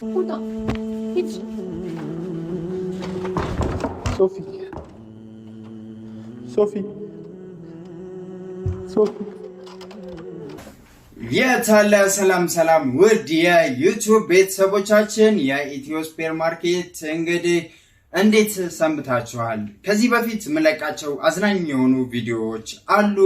Burada. Hiç. Sofi. Sofi. Sofi. የታለ ሰላም ሰላም! ውድ የዩቱብ ቤተሰቦቻችን የኢትዮ ስፔር ማርኬት እንግዲህ እንዴት ሰንብታችኋል? ከዚህ በፊት የምለቃቸው አዝናኝ የሆኑ ቪዲዮዎች አሉ።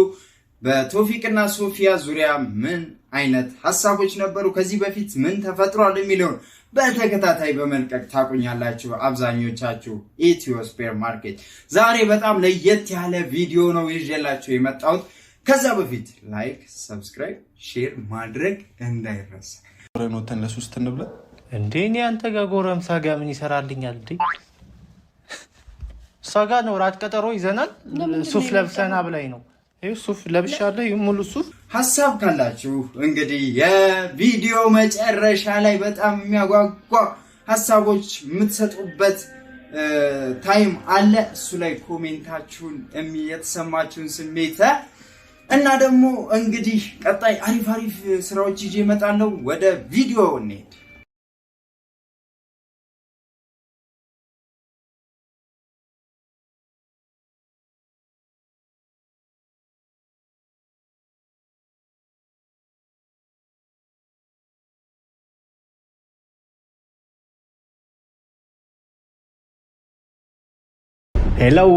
በቶፊቅና ሶፊያ ዙሪያ ምን አይነት ሀሳቦች ነበሩ? ከዚህ በፊት ምን ተፈጥሯል? የሚለውን በተከታታይ በመልቀቅ ታቁኛላችሁ አብዛኞቻችሁ። ኢትዮ ስፔር ማርኬት ዛሬ በጣም ለየት ያለ ቪዲዮ ነው ይዤላችሁ የመጣሁት። ከዛ በፊት ላይክ፣ ሰብስክራይብ፣ ሼር ማድረግ እንዳይረሳ። ጎረኖተን ለሶስት እንብለ እንዴ! እኔ አንተ ጋር ጎረምሳ ጋር ምን ይሰራልኛል እንዴ? እሷ ነው ራት ቀጠሮ ይዘናል። ሱፍ ለብሰና ብላይ ነው ይህ ሱፍ ለብሻለሁ። ይህ ሙሉ ሱፍ ሀሳብ ካላችሁ እንግዲህ የቪዲዮ መጨረሻ ላይ በጣም የሚያጓጓ ሀሳቦች የምትሰጡበት ታይም አለ። እሱ ላይ ኮሜንታችሁን የተሰማችሁን ስሜት እና ደግሞ እንግዲህ ቀጣይ አሪፍ አሪፍ ስራዎች ይዤ እመጣለሁ። ወደ ቪዲዮ እኔ ሄለው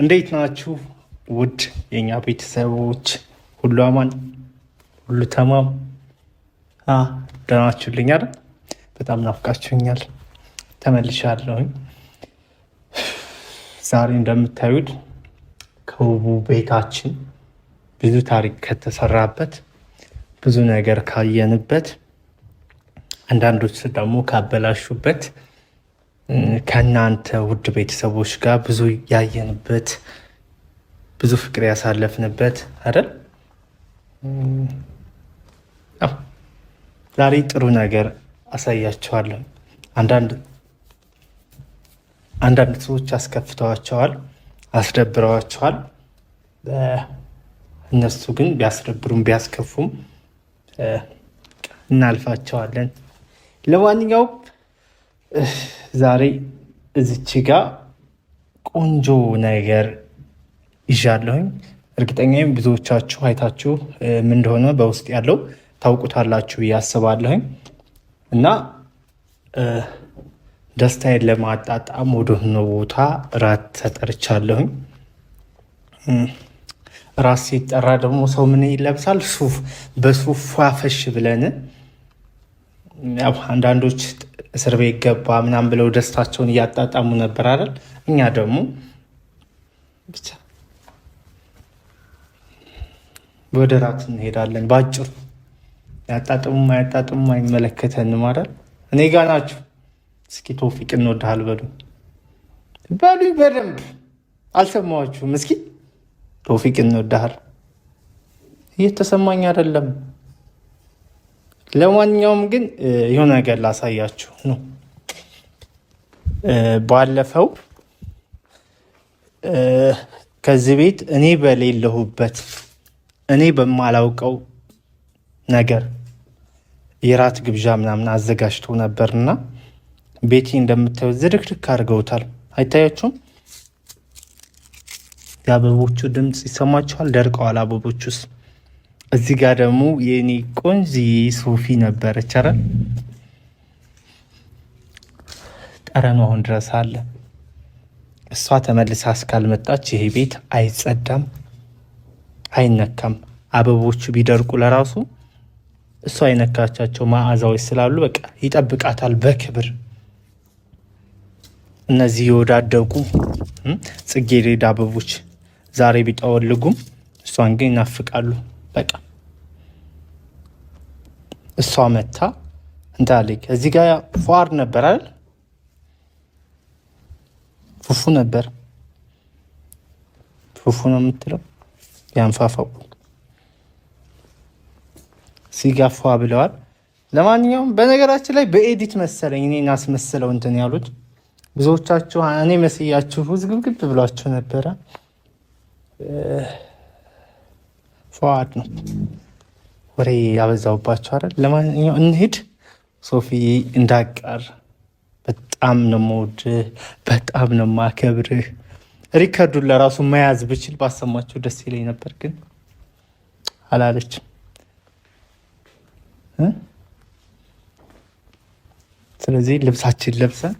እንዴት ናችሁ? ውድ የኛ ቤተሰቦች ሁሉ አማን ሁሉ ተማም ደናችሁልኛል? በጣም ናፍቃችሁኛል። ተመልሻለሁኝ። ዛሬ እንደምታዩት ከውቡ ቤታችን ብዙ ታሪክ ከተሰራበት ብዙ ነገር ካየንበት አንዳንዶች ደግሞ ካበላሹበት ከእናንተ ውድ ቤተሰቦች ጋር ብዙ ያየንበት ብዙ ፍቅር ያሳለፍንበት አይደል? ዛሬ ጥሩ ነገር አንዳንድ አንዳንድ ሰዎች አስከፍተዋቸዋል፣ አስደብረዋቸዋል። እነሱ ግን ቢያስደብሩም ቢያስከፉም እናልፋቸዋለን። ለማንኛውም ዛሬ እዚች ጋ ቆንጆ ነገር ይዣለሁኝ። እርግጠኛ ብዙዎቻችሁ አይታችሁ ምን እንደሆነ በውስጥ ያለው ታውቁታላችሁ እያስባለሁኝ እና ደስታዬን ለማጣጣም ወደሆነ ቦታ ራት ተጠርቻለሁኝ። ራስ ሲጠራ ደግሞ ሰው ምን ይለብሳል? ሱፍ። በሱፍ ፏፈሽ ብለን አንዳንዶች እስር ቤት ገባ ምናምን ብለው ደስታቸውን እያጣጣሙ ነበር አይደል? እኛ ደግሞ ብቻ ወደ ራት እንሄዳለን። በአጭሩ ያጣጥሙ አያጣጥሙ አይመለከተንም አይደል? እኔ ጋ ናችሁ። እስኪ ቶፊቅ እንወድሃል በሉ በሉኝ። በደንብ አልሰማችሁም? እስኪ ቶፊቅ እንወድሃል እየተሰማኝ አይደለም ለማንኛውም ግን የሆነ ነገር ላሳያችሁ ነው። ባለፈው ከዚህ ቤት እኔ በሌለሁበት እኔ በማላውቀው ነገር የራት ግብዣ ምናምን አዘጋጅቶ ነበርና ቤቴ እንደምታዩ ዝድክድክ አድርገውታል። አይታያችሁም? የአበቦቹ ድምፅ ይሰማችኋል። ደርቀዋል አበቦቹስ እዚህ ጋር ደግሞ የኔ ቆንጅዬ ሶፊ ነበረች። ኧረ ጠረኑ አሁን ድረስ አለ። እሷ ተመልሳ እስካልመጣች ይሄ ቤት አይጸዳም፣ አይነካም። አበቦቹ ቢደርቁ ለራሱ እሷ አይነካቻቸው መዓዛዎች ስላሉ በቃ ይጠብቃታል በክብር እነዚህ የወዳደቁ ጽጌረዳ አበቦች ዛሬ ቢጠወልጉም እሷን ግን ይናፍቃሉ። በቃ እሷ መታ እንዳለ እዚህ ጋር ፏር ነበር አይደል? ፉፉ ነበር። ፉፉ ነው የምትለው ያንፋፋው ሲጋፋ ብለዋል። ለማንኛውም በነገራችን ላይ በኤዲት መሰለኝ እኔን አስመስለው እንትን ያሉት ብዙዎቻችሁ እኔ መስያችሁ ዝግብግብ ብሏችሁ ነበረ። ፈዋድ ነው። ወሬ ያበዛውባቸው አይደል? ለማንኛው እንሄድ። ሶፊ እንዳቀር በጣም ነው የምወድህ፣ በጣም ነው የማከብርህ። ሪከርዱን ለራሱ መያዝ ብችል ባሰማችሁ ደስ ይለኝ ነበር፣ ግን አላለች። ስለዚህ ልብሳችን ለብሰን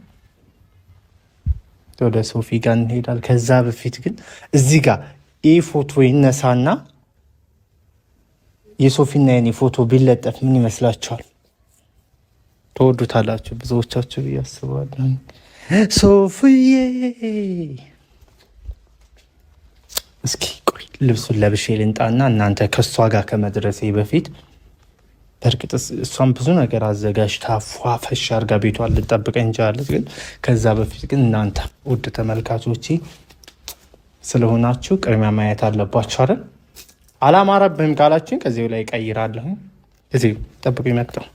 ወደ ሶፊ ጋር እንሄዳል። ከዛ በፊት ግን እዚህ ጋር ይህ ፎቶ ይነሳና የሶፊና የኔ ፎቶ ቢለጠፍ ምን ይመስላችኋል? ተወዱታላችሁ ብዙዎቻችሁ ብዬ አስባለሁ። ሶፍዬ እስኪ ቆይ ልብሱን ለብሼ ልንጣና እናንተ ከእሷ ጋር ከመድረሴ በፊት በእርግጥ እሷን ብዙ ነገር አዘጋጅታ ፏፈሽ አርጋ ቤቷን ልጠብቀኝ እንችላለን። ግን ከዛ በፊት ግን እናንተ ውድ ተመልካቾቼ ስለሆናችሁ ቅድሚያ ማየት አለባችሁ አይደል? አላማረብህም ካላችን ከዚህ ላይ ቀይራለሁ። እዚ ጠብቁ ይመጣው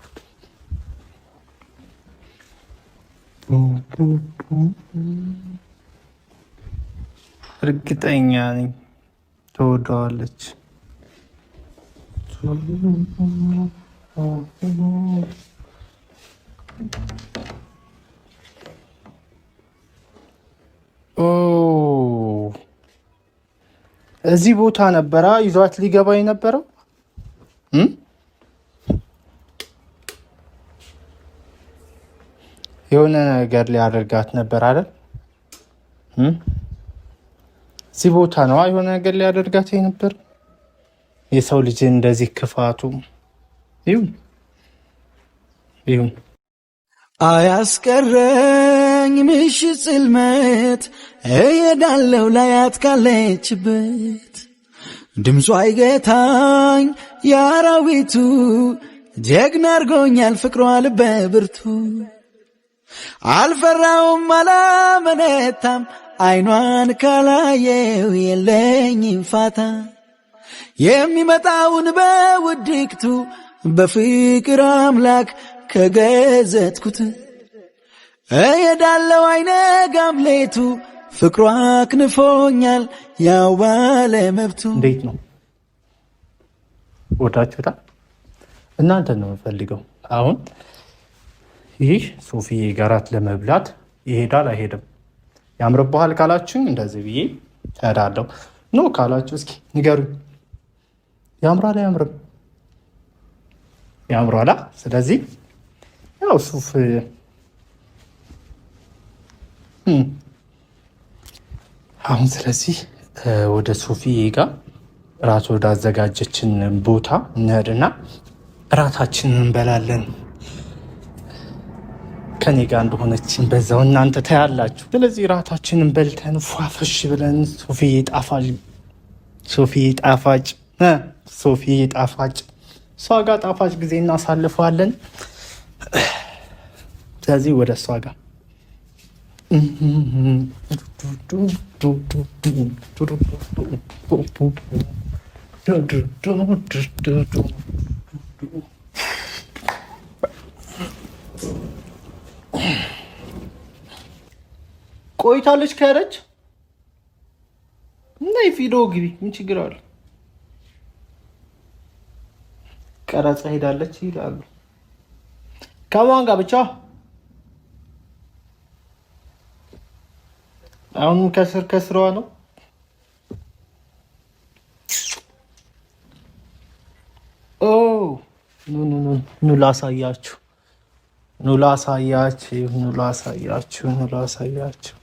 እርግጠኛ ነኝ ተወደዋለች። ኦ እዚህ ቦታ ነበራ ይዟት ሊገባ የነበረው። የሆነ ነገር ሊያደርጋት ነበር አይደል? እዚህ ቦታ ነዋ የሆነ ነገር ሊያደርጋት ነበር። የሰው ልጅ እንደዚህ ክፋቱ ይሁን ይሁን አያስቀረ ቢከፋኝ ምሽት ጽልመት እሄዳለሁ ላያት ካለችበት ድምፁ አይገታኝ የአራዊቱ ጀግና አርጎኛል ፍቅሯ ልበ ብርቱ አልፈራውም አላመነታም አይኗን ካላየው የለኝም ፋታ የሚመጣውን በውድቅቱ በፍቅር አምላክ ከገዘትኩት እሄዳለው አይነ ጋምሌቱ ፍቅሯ አክንፎኛል ያዋለ መብቱ። እንዴት ነው ወዳችሁታል? እናንተ ነው የምፈልገው። አሁን ይህ ሶፊዬ ጋራት ለመብላት ይሄዳል አይሄድም? ያምርብሃል ካላችሁኝ እንደዚህ ብዬ እሄዳለሁ። ኖ ካላችሁ እስኪ ንገሩኝ። ያምራል አያምርም? ያምራላ። ስለዚህ ያው ሱፍ አሁን ስለዚህ ወደ ሶፊ ጋር ራት ወዳዘጋጀችን ቦታ እንሄድና እራታችንን እንበላለን። ከኔ ጋር እንደሆነችን በዛው እናንተ ታያላችሁ። ስለዚህ ራታችንን በልተን ፏፈሽ ብለን ሶፊ ጣፋጭ ሶፊ ጣፋጭ ሶፊ ጣፋጭ እሷ ጋር ጣፋጭ ጊዜ እናሳልፈዋለን። ስለዚህ ወደ እሷ ጋር ቆይታለች ከረች እና የፊዶ ግቢ ምን ችግር አለ? ቀረጻ ሄዳለች ይላሉ። ከማን ጋር ብቻ አሁንም ከስር ከስረዋ ነው። ኦ ኑ ኑ ኑ ኑ ላሳያችሁ፣ ኑ ላሳያችሁ፣ ኑ ላሳያችሁ፣ ኑ ላሳያችሁ።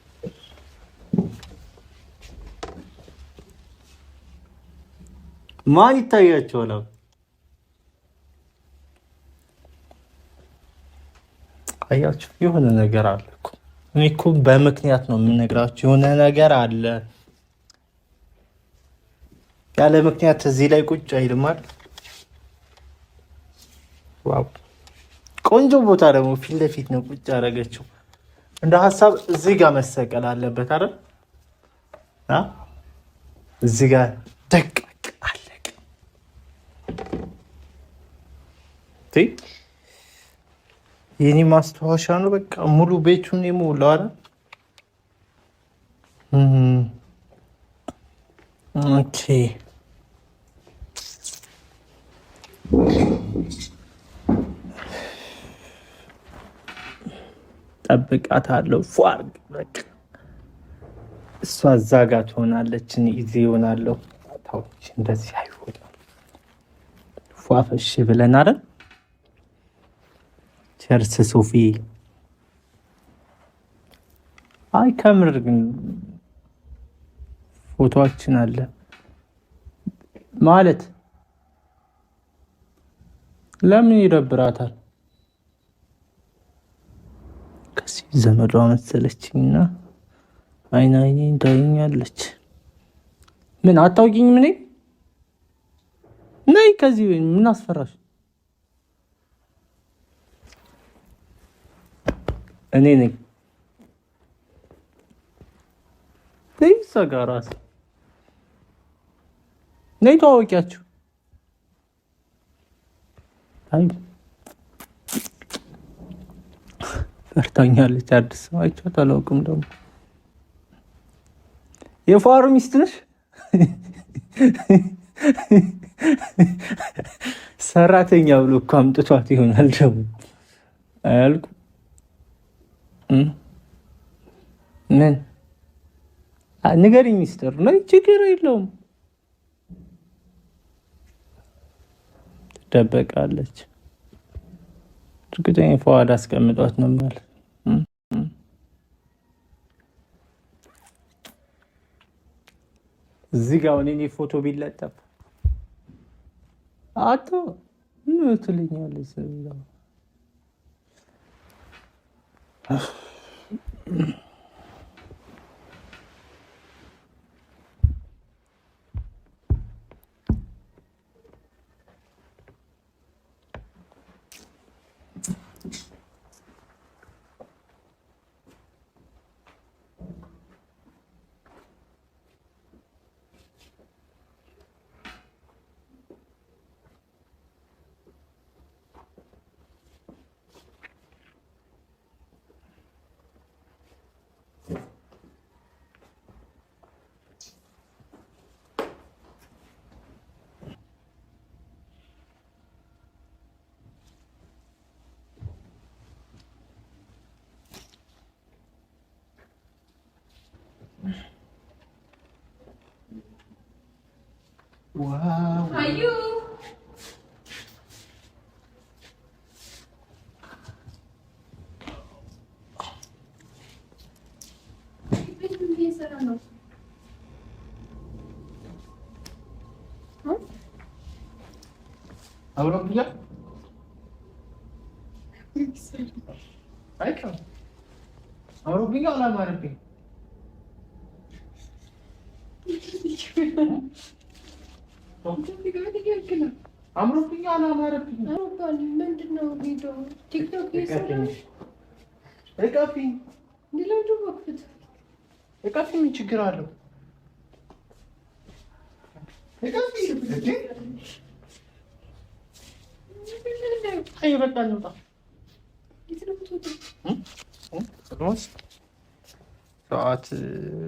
ማን ይታያችኋል? አያችሁ፣ የሆነ ነገር አለ እኮ እኔ እኮ በምክንያት ነው የምነግራችሁ። የሆነ ነገር አለ። ያለ ምክንያት እዚህ ላይ ቁጭ አይልማል። ቆንጆ ቦታ ደግሞ ፊት ለፊት ነው ቁጭ ያደረገችው። እንደ ሀሳብ እዚህ ጋር መሰቀል አለበት አይደል? እዚህ ጋር ደቀቅ አለቅ የኔ ማስታወሻ ነው። በቃ ሙሉ ቤቱን የሞላው አይደል? ኦኬ ጠብቃት አለው ፏርግ በቃ እሷ እዛ ጋ ትሆናለች። እኔ ጊዜ ይሆናለሁ ታዎች እንደዚህ አይሆንም። ፏፈሽ ብለን አይደል ሸርስ ሱፊ አይ ከምር ግን ፎቶችን አለ ማለት ለምን ይደብራታል? ከዚህ ዘመዷ መሰለችኝና አይን አይኔ እንዳይኛለች። ምን አታውቂኝ? ምን ነይ ከዚህ ምን አስፈራሽ? እኔ ነኝ እዛ ጋር ራስ ነይ ተዋወቂያችሁ። አይ ፈርታኛለች። አዲስ ሰው አይቻት አላውቅም። ደግሞ የፏሩ ሚስት ነሽ? ሰራተኛ ብሎ እኮ አምጥቷት ይሆናል ደግሞ አያልኩም ምን ንገሪኝ፣ ሚስጥር ነው። ችግር የለውም። ትደበቃለች። እርግጠኛ ፈዋድ አስቀምጧት ነው ማለት እዚህ ጋር አሁን እኔ ፎቶ ቢለጠፍ አቶ ምን ትልኛለች? Gracias. Wow. Caillou. Ahora ya. Ahí está. Ahora obliga a la madre. እቃፊ ምን ችግር አለው? አይ በቃ እንውጣ። ሰዓት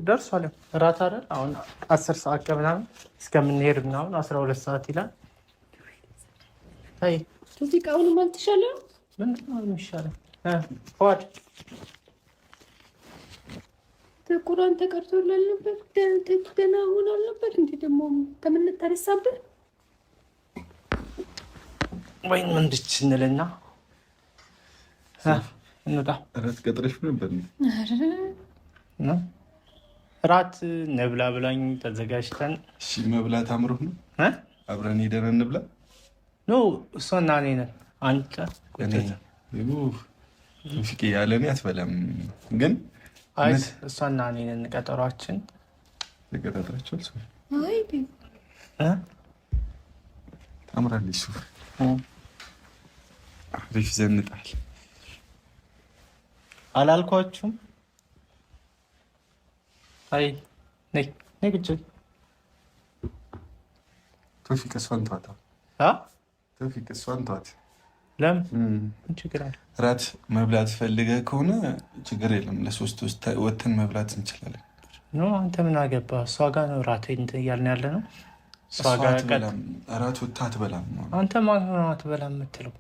ደርሷል። እራት አይደል? አሁን አስር ሰዓት ከምናምን እስከምንሄድ ምናምን አስራ ሁለት ሰዓት ይላል። አይ እዚህ እቃውን ማን ምንድን ነው የሚሻለው? ፏድ ጥቁሯን ተቀርቶል አልነበር? ደህና ሆኖ አልነበር? ደግሞ ከምን ተነሳብህ? ወይን ምንድች እንልና እንውጣ። እራት ቀጥረሽ ነበር? እራት ነብላ ብላኝ ተዘጋጅተን መብላት አምሮህ ነው። አብረን ሄደን እንብላ። ኖ እሷ እና እኔ ነን አንተ ያለ እኔ አትበላም። ግን አይ እሷና እኔን ቀጠሯችን ተቀጣጥራቸው ታምራለች። ሱፍ አሪፍ ዘንጣል አላልኳችሁም? አይ ነይ ነይ ግጭ ቶፊቅ እሷን ተዋት። ቶፊቅ እሷን ተዋት። ለምን ችግር አለ? እራት መብላት ፈልገ ከሆነ ችግር የለም። ለሶስት ውስጥ ወተን መብላት እንችላለን። ኖ አንተ ምን አገባ? እሷ ጋ ነው እራት እያልን ያለ ነው። እራት ወታ አትበላም። አንተ ማን ነው አትበላም የምትለው?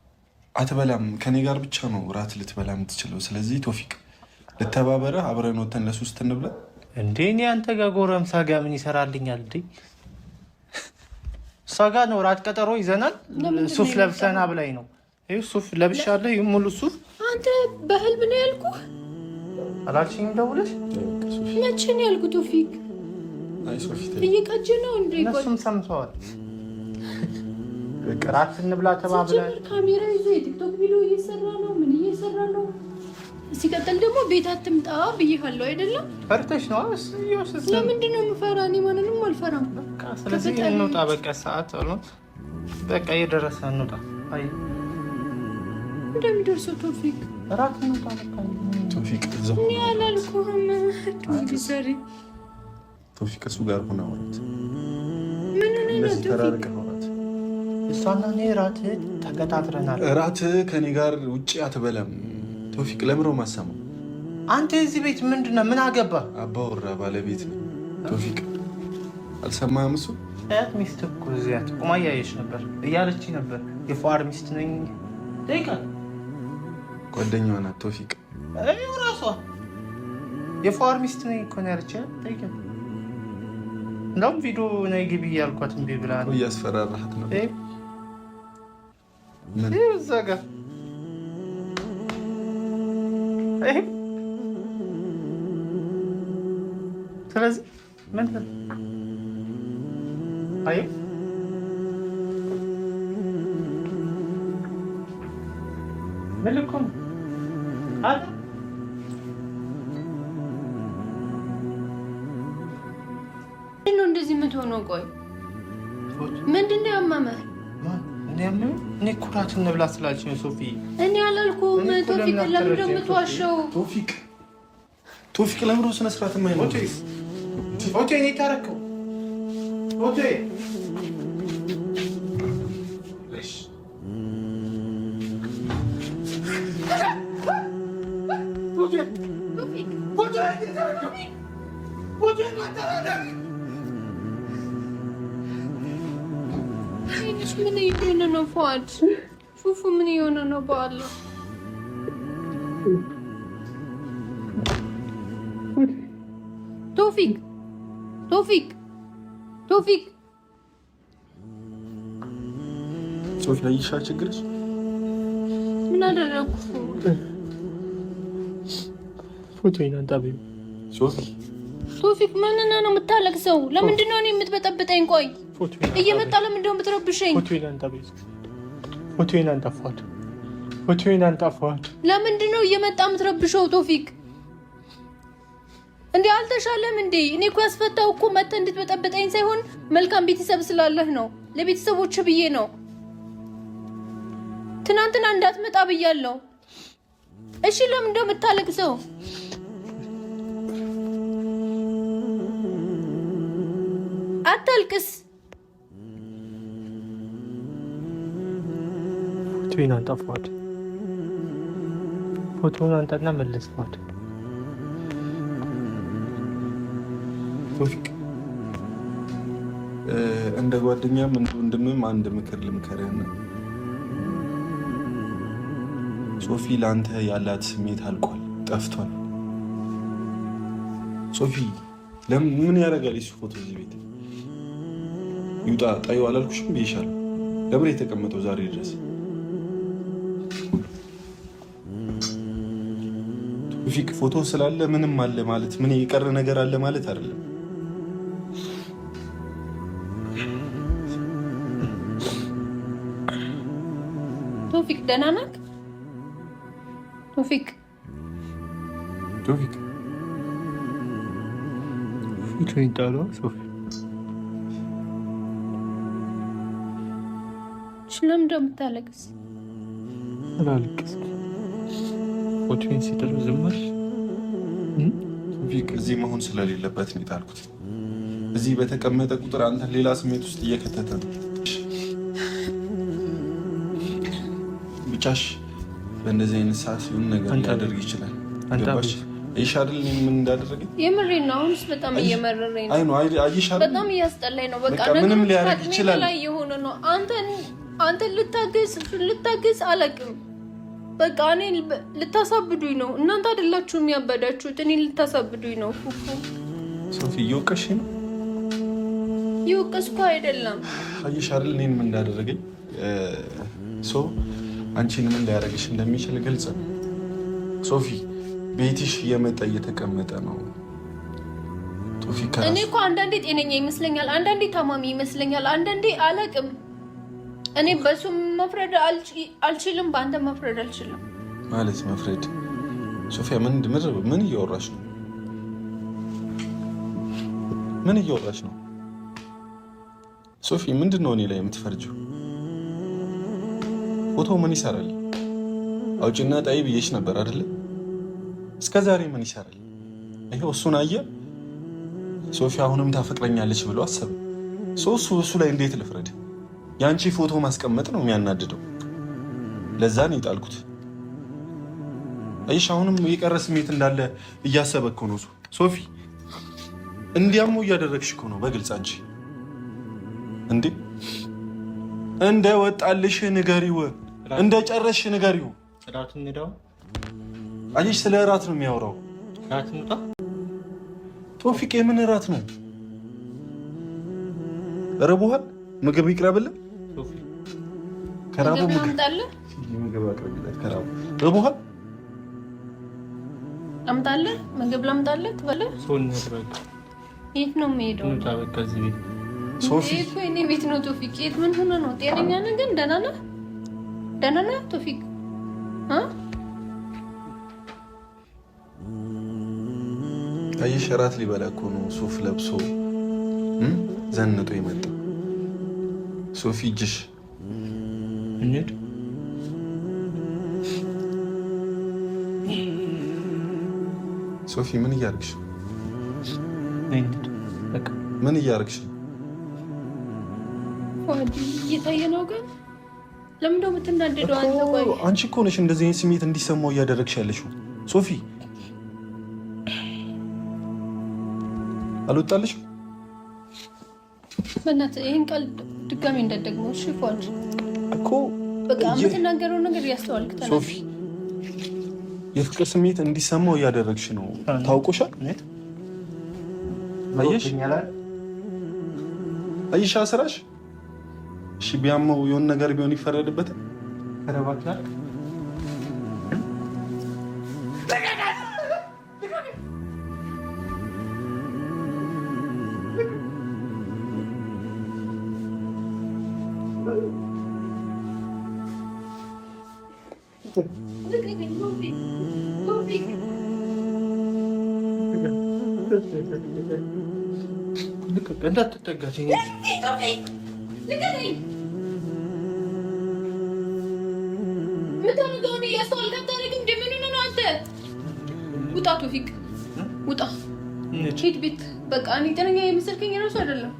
አትበላም ከኔ ጋር ብቻ ነው እራት ልትበላ የምትችለው። ስለዚህ ቶፊቅ ልተባበረ፣ አብረን ወተን ለሶስት እንብላ። እንዴ እኔ አንተ ጋር ጎረምሳ ጋር ምን ይሰራልኛል እንዴ? እሷ ጋ ነው እራት ቀጠሮ ይዘናል። ሱፍ ለብሰና ብላይ ነው ይህ ሱፍ ለብሻለሁ። ይህ ሙሉ ሱፍ አንተ በህልም ነው ያልኩህ አላልሽኝም? ደውለሽ መቼ ነው ያልኩህ? ቶፊክ እየቀጀ ነው እንደ እነሱም ሰምተዋል። ቅራት እንብላ ተባብለን ካሜራ ይዞ የቲክቶክ ቪዲዮ እየሰራ ነው። ምን እየሰራ ነው? ሲቀጥል ደግሞ ቤት አትምጣ ብዬሃለሁ አይደለም? ፈርተሽ ነው? ለምንድን ነው የምፈራ? እኔ ማንንም አልፈራም። ስለዚህ እንውጣ። በቃ ሰዓት በቃ እየደረሰ እንውጣ። እንደሚደርሱ ቶፊቅ ራክ ነው ቶፊቅ እኔ አላልኩህም። ቶፊቅ እሱ ጋር ሆነ አውራት። እሷና እኔ ራት ተቀጣጥረናል። ራት ከኔ ጋር ውጭ አትበላም። ቶፊቅ ለምረው ማሰማ አንተ እዚህ ቤት ምንድነው? ምን አገባ? አባወራ ባለቤት ነው ቶፊቅ። አልሰማህም? እሱ ያት ሚስት እኮ እዚያት ቆማ እያየች ነበር እያለች ነበር የፏር ሚስት ነኝ ደቂቃ ጓደኛዋ ናት ቶፊቅ። ይኸው እራሷ የፋዋር ሚስት ነኝ እኮ ነው ያለችኝ። ጠይቂያት። እንደውም ቪዲዮ ነይ ግቢ እያልኳት እምቢ ብላ እያስፈራራሃት ነው እዛ ጋር ስለዚህ ምን አይ ምን ልኮ ነው Hadi. ምንድነው እንደዚህ የምትሆነው? ቆይ ምንድነው ያመመህ? እኔ ኩራት እንብላ ስላለች ነው ሶፊ። እኔ አላልኩም። ቶፊቅ ለምን ደግሞ የምትዋሸው? ቶፊቅ ቶፊቅ ለምን ስነ ስርዓት የማይኖር ኦኬ፣ እኔ ታረከው ኦኬ ምን እየሆነ ነው ፉአድ? ፉፉ ምን እየሆነ ነው? በአለ ቶፊቅ ቶፊቅ ቶፊቅ ሶፊ አይሻ ችግርሽ ምን አደረግኩ? ፎቶ ይናንጣ ሶፊ ቶፊክ ምንና ነው የምታለቅሰው? ለምንድን ነው እኔ የምትበጠብጠኝ? ቆይ እየመጣ ለምንድን ነው የምትረብሸኝ? ፎቶዬን አንተ ፎቶዬን አንተ ለምንድን ነው እየመጣ የምትረብሸው? ቶፊክ እንዴ አልተሻለም እንዴ? እኔ እኮ ያስፈታው እኮ መጥተህ እንድትበጠብጠኝ ሳይሆን መልካም ቤተሰብ ስላለህ ነው፣ ለቤተሰቦች ብዬ ነው። ትናንትና እንዳትመጣ ብያለሁ። እሺ ለምን እንደምታለቅሰው አታልቅስ። ፎቶን አንጠፏት፣ ፎቶን አንጠና መለስፏት። እንደ ጓደኛም እንደ ወንድምም አንድ ምክር ልምከርህ። ሶፊ ለአንተ ያላት ስሜት አልቋል፣ ጠፍቷል። ሶፊ ለምን ያደርጋል? ፎቶ እዚህ ቤት ይውጣ ጣዩ አላልኩሽም ብይሻል። ለምን የተቀመጠው ዛሬ ድረስ ቶፊቅ ፎቶ ስላለ ምንም አለ ማለት ምን የቀረ ነገር አለ ማለት አይደለም። ቶፊቅ ደህና ናት። ቶፊቅ ቶፊቅ ቶፊቅ ለምን እንደምታለቅስ አላለቅስም። ፎቶን ሲጥሉ ዝማሽ ቪክ እዚህ መሆን ስለሌለበት ነው የጣልኩት። እዚህ በተቀመጠ ቁጥር አንተ ሌላ ስሜት ውስጥ እየከተተ ነው። ብቻሽ በእንደዚህ አይነት ሰዓት ሲሆን ነገር ሊያደርግ ይችላል። ይሽ አይደል ምን እንዳደረገ የምሬ ነው። አሁንስ በጣም እየመረረኝ ነው። አይ ነው አይ፣ በጣም እያስጠላኝ ነው። በቃ ምንም ሊያደርግ ይችላል ላይ የሆነ ነው አንተን አንተ ልታገዝ እሱን ልታገዝ አላውቅም። በቃ እኔ ልታሳብዱኝ ነው። እናንተ አይደላችሁ የሚያበዳችሁት፣ እኔ ልታሳብዱኝ ነው። ሶፊ እየወቀሽ ነው። እየወቀስኩ አይደለም። አየሽ አይደል እኔን ምን እንዳደረገኝ ሶ አንቺን ምን ሊያደርግሽ እንደሚችል ግልጽ ነው። ሶፊ ቤትሽ እየመጣ እየተቀመጠ ነው። እኔ እኮ አንዳንዴ ጤነኛ ይመስለኛል፣ አንዳንዴ ታማሚ ይመስለኛል፣ አንዳንዴ አላውቅም እኔ በሱ መፍረድ አልችልም፣ በአንተ መፍረድ አልችልም። ማለት መፍረድ ሶፊያ፣ ምን ምን እያወራሽ ነው? ምን እያወራሽ ነው ሶፊ? ምንድን ነው እኔ ላይ የምትፈርጂው? ቦታው ምን ይሰራል? አውጭና ጣይ ብዬሽ ነበር አይደለ? እስከ ዛሬ ምን ይሰራል? ይሄው እሱን አየ ሶፊ አሁንም ታፈቅረኛለች ብሎ አሰበ። እሱ እሱ ላይ እንዴት ልፍረድ? የአንቺ ፎቶ ማስቀመጥ ነው የሚያናድደው። ለዛ ነው የጣልኩት። እሺ አሁንም የቀረ ስሜት እንዳለ እያሰበ እኮ ነው ሶፊ። እንዲያሞ እያደረግሽ እኮ ነው በግልጽ አንቺ። እንዴ እንደ ወጣልሽ ንገሪው፣ እንደ ጨረሽ ንገሪው። አየሽ፣ ስለ እራት ነው የሚያወራው ቶፊቅ። የምን እራት ነው? ርቦሃል? ምግብ ይቅረብልን። ከራቡ ምግብ አቅርብለት። ከራቡ ምግብ የት ነው የምሄደው? ቤት ነው። ቶፊቅ የት ምን ሆነ ነው? ጤነኛ ነህ ሊበላ እኮ ነው ሱፍ ለብሶ ዘንጦ የመጣው ሶፊ እጅሽ እንሂድ። ሶፊ ምን እያደረግሽ? ምን እያደረግሽ? እየታየ ነው ግን ለምንድነው የምትናደደው? አንቺ እኮ ነሽ እንደዚህ አይነት ስሜት እንዲሰማው እያደረግሽ ያለሽው። ሶፊ አልወጣልሽም? በእናትህ ይህን ቀልድ ድጋሚ እንዳትደግመው እሺ። እኮ በቃ የምትናገረው ነገር ያስተዋልክ ሶፊ፣ የፍቅር ስሜት እንዲሰማው እያደረግሽ ነው። ታውቆሻል። አየሽ አየሽ፣ ስራሽ። እሺ፣ ቢያመው የሆነ ነገር ቢሆን ይፈረድበታል። እንዳትጠጋት ምታደርገውን እያስተዋል ከምታደርግ ውጣ ቶፊቅ ውጣ፣ ሂድ ቤት በቃ። እኔ ጤነኛ የመሰልከኝ ራሱ አይደለም።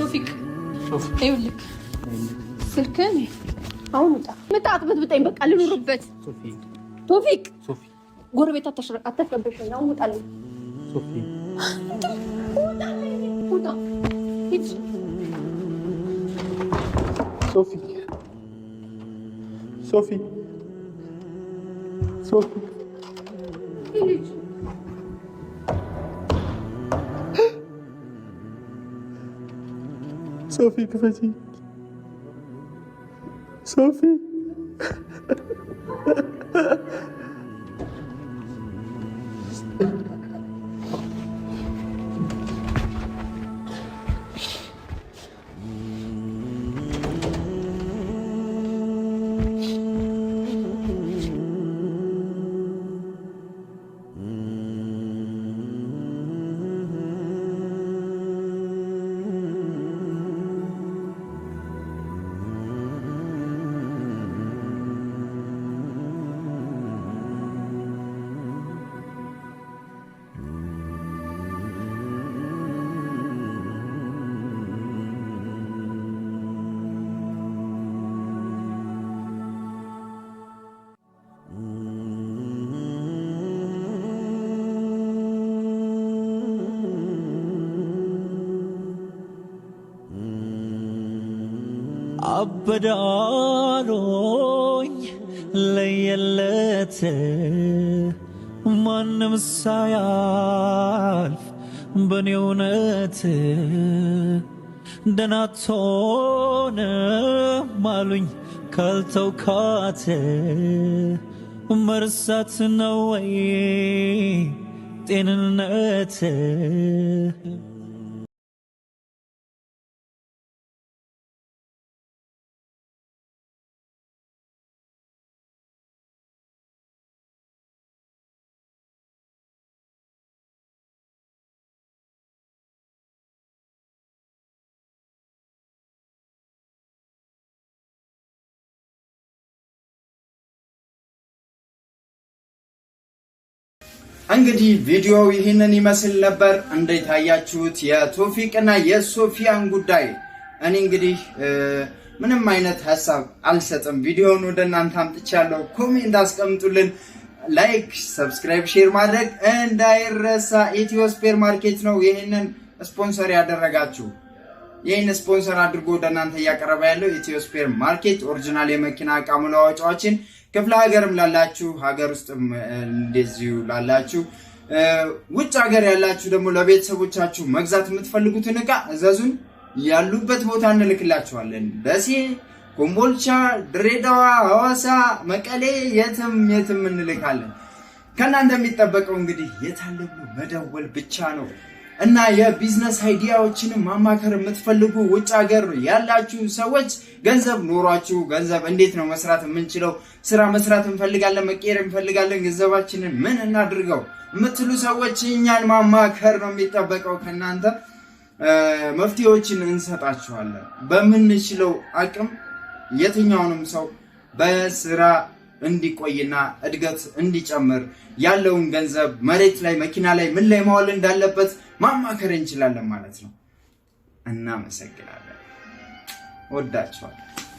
ቶፊቅ ይኸውልህ ስልክን አሁን ውጣ። ምጣ አትበጥብጠኝ። በቃ ልኑርበት። ቶፊቅ ጎረቤት አታስረብሽኝ። አሁን ውጣ ሶፊ ሶፊ ሶፊ ክፈቺ Sophie. አበደ አሎኝ ለየለት ማንም ሳያልፍ በኔ እውነት ደህና አትሆንም አሉኝ ካልተውካት መርሳት ነው ወይ ጤንነት እንግዲህ ቪዲዮው ይህንን ይመስል ነበር። እንደታያችሁት የቶፊቅና የሶፊያን ጉዳይ እኔ እንግዲህ ምንም አይነት ሀሳብ አልሰጥም። ቪዲዮውን ወደ እናንተ አምጥቻለሁ። ኮሜንት አስቀምጡልን። ላይክ፣ ሰብስክራይብ፣ ሼር ማድረግ እንዳይረሳ። ኢትዮ ስፔር ማርኬት ነው ይህንን ስፖንሰር ያደረጋችሁ። ይህን ስፖንሰር አድርጎ ወደ እናንተ እያቀረበ ያለው ኢትዮ ስፔር ማርኬት ኦሪጂናል የመኪና እቃ መለዋወጫዎችን ክፍለ ሀገርም ላላችሁ፣ ሀገር ውስጥም እንደዚሁ ላላችሁ፣ ውጭ ሀገር ያላችሁ ደግሞ ለቤተሰቦቻችሁ መግዛት የምትፈልጉትን እቃ እዘዙን። ያሉበት ቦታ እንልክላችኋለን። ደሴ፣ ኮምቦልቻ፣ ድሬዳዋ፣ ሐዋሳ፣ መቀሌ፣ የትም የትም እንልካለን። ከእናንተ የሚጠበቀው እንግዲህ የታለሙ መደወል ብቻ ነው። እና የቢዝነስ አይዲያዎችን ማማከር የምትፈልጉ ውጭ ሀገር ያላችሁ ሰዎች ገንዘብ ኖሯችሁ ገንዘብ እንዴት ነው መስራት የምንችለው፣ ስራ መስራት እንፈልጋለን፣ መቀየር እንፈልጋለን፣ ገንዘባችንን ምን እናድርገው የምትሉ ሰዎች እኛን ማማከር ነው የሚጠበቀው ከእናንተ። መፍትሄዎችን እንሰጣችኋለን በምንችለው አቅም የትኛውንም ሰው በስራ እንዲቆይና እድገት እንዲጨምር ያለውን ገንዘብ መሬት ላይ መኪና ላይ ምን ላይ ማዋል እንዳለበት ማማከር እንችላለን ማለት ነው። እናመሰግናለን። ወዳችኋል።